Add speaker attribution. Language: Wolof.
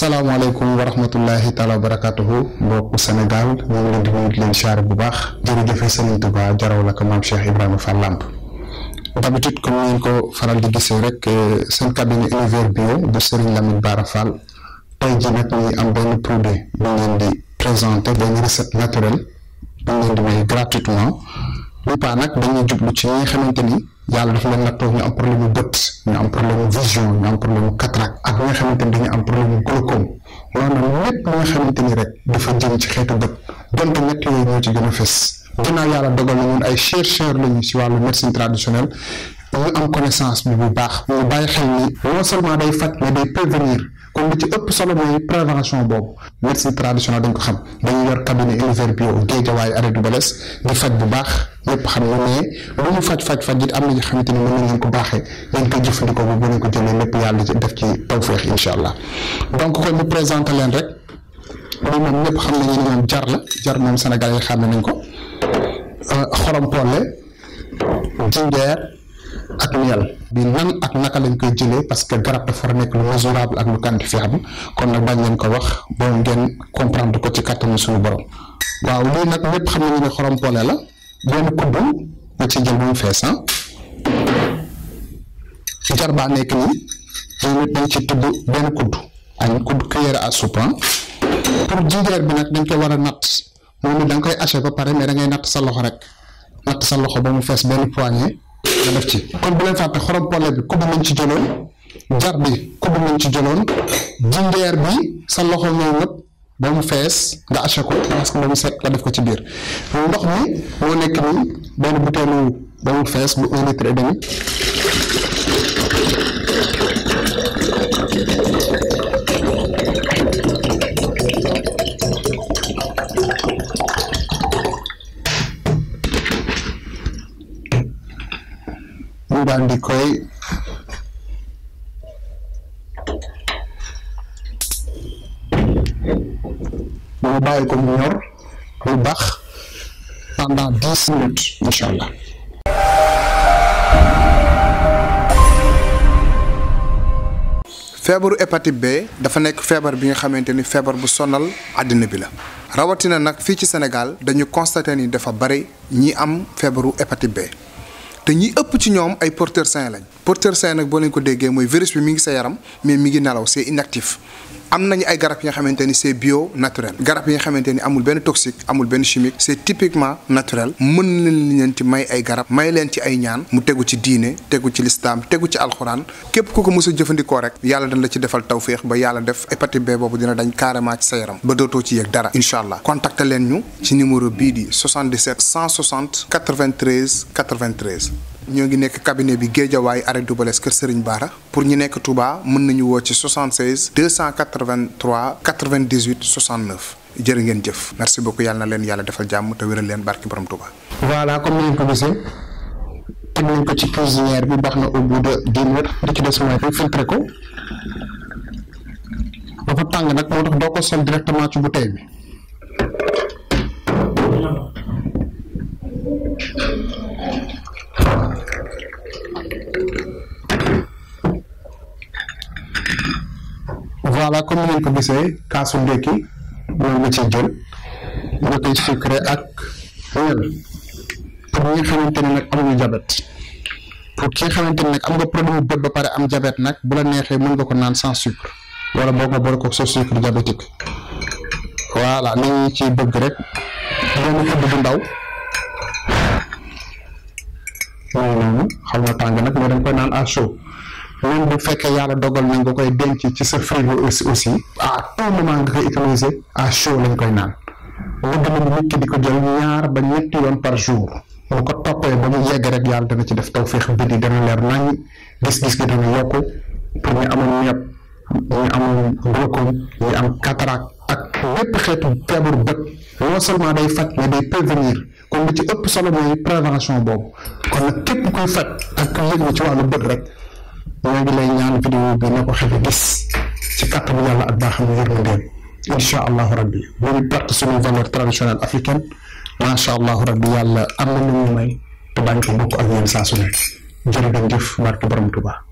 Speaker 1: asalaamaaleykum wa rahmatullahi taala wa barakatuhu mbokku Sénégal ñu ngi leen di nuyu leen siyaare bu baax jërëjëfe Sëriñ Tuubaa jaraw la ko maam Cheikh Ibrahima Fall Lamp d'habitude comme ngeen ko rek eh, seen cabinet univers bio bu Sëriñ Lamine Bara Fall tey ji nag ñuy am benn produit bu ngeen di présenté benn recette naturelle bu ngeen di may gratuitement bu paa nag dañuy jublu ci ñi nga xamante ni dafa leen nattoo ñu am problème bët ñu am problème vision ñu am problème mu cataracte nga xamante ni dañu am problème mu glaucome maanaam lépp li nga ni rek dafa jëm ci xeetu bët donte ñett yooyu ñoo ci gën a fes ginnaaw yàlla dogal na ñun ay chercheurs lañu si wàllu médecine traditionnelle ñu am connaissance bi bu baax ñu bàyyi xel ni non seulement day faj mais day prévenir. kon li ci ëpp solo mooy prévention boobu médecine traditionnelle dañ ko xam dañuy yor cabinet univers bio géejawaay arrêt du bales di faj bu baax ñëpp xam ne mais lu ñu faj faj faj it am na ñi xamante ni mën nañ leen ko baaxee dañ koy jëfandikoo bu ngeen ko jëlee lépp yàlla ci def ci tawféex incha allah donc kon ñu présenté leen rek loolu moom ñëpp xam nañu ne moom jar la jar moom Sénégal yi xam nañ ko xorom polle jinjeer ak ñal bi nan ak naka lañ koy jëlé parce que garap da dafa nek lu mesurable ak lu quantifiable kon nak bañ leen ko wax bo ngeen comprendre ko ci kàttanu suñu borom waaw li nak lepp xam nañu ni xorom polé la benn kudd nga ci jël moom fees ah jar baa nek ni ñu nit dañ ci tuddu ben kudd ay kudd cuillère à soupe ah. pour jinjeer bi nak dañ ko wara nat natt moom it koy acheter ba paré mais da ngay nat sa loxo rek nat sa loxo ba mu fess ben poignée nga def ci kon bu leen fàtte xorom pole bi kudd nañ ci jëloon jar bi kudd nañ ci jëloon jindeer bi sa loxo ñëw nag ba mu fees nga aché ko parce que ba mu set nga def ko ci biir ndox mi moo nekk nii benn butéelu ba mu fees bu un litre ñu daal di
Speaker 2: feebaru hépatite B dafa nekk feebar bi nga xamante ni feebar bu sonal àddina bi la rawatina nag fii ci Sénégal dañu constaté ni dafa bari ñi am feebaru hépatite B. te ëpp ci ñoom ay porteurs sains lañ porteurs sains nag boo leen ko déggee mooy virus bi mi ngi sa yaram mais mi ngi nelaw c'est inactif amna ay garab yi xamanteni c'est bio naturel garab yi nga amul ben toxique amul ben chimique c'est typiquement naturel mën nañ leen ci may ay garab may leen ci ay ñaan mu tegu ci diine tegu ci l'islam tegu ci alcorane képp ku ko mos jëfandikoo rek yàlla dañ la ci defal tawféex ba yàlla def hépatite B boobu dina dañ carrément ci sa yaram ba dootoo ci yëg dara Inshallah. allah leen ñu ci numéro bii di 77 160 93 93 ñoo ngi nekk cabinet bi Géejawaay arrêt Dubalès kër Serigne Bara pour ñu nekk Touba mën nañu woo ci 76 283 98 69 jërë ngeen jëf. merci beaucoup yàlla na leen yàlla defal jàmm te wéral leen barki borom Touba.
Speaker 1: voilà comme ni ngeen ko gisee teg nañ ko ci cuisinière bi baax na au bout de dix minutes li ci des mooy rek ko dafa tàng nag moo tax doo ko sol directement ci bouteille bi. voilà comme ni ko gisee kaasu ndékki moom la ci jël dina koy sucré ak oil pour ñi xamante ne nag amuñu jabet pour ki nga nag am nga produit bët ba pare am jabet nag bu la neexee mën nga ko naan sans sucre wala boo ko boole ko sa sucre diabétique voilà nañu ci bëgg rek benn xëdd bu ndaw mooy noonu xam nga tàng nag mais dañ koy naan à chaud même bu fekkee yàlla dogal na nga koy denc ci sa frigo aussi aussi à tout moment nga koy utiliser à chaud lañ koy naan bëgg nañu nit ki di ko jël ñaar ba ñetti yoon par jour bu ko toppee ba mu yegg rek yàlla dana ci def tawféex mbir yi dana leer nañ gis-gis gi dana yokku pour ñu amoon ñepp ñu amoon glaucome ñu am cataracte ak lépp xeetu feebar bët non seulement day faj mais day prévenir am li ci ëpp solo karena prévention boobu kon nag képp kuy faj ak kuy yëngu ci wàllu bët rek ñoo ngi lay ñaan vidéo bi na ko xefe gis ci kàttanu yàlla ak baaxam yërmandeem incha Allah rabbi bu ñu perte suñu valeur traditionnelle africaine macha allahu rabbi yàlla am na ñu may te bañ ko bokk ak barke borom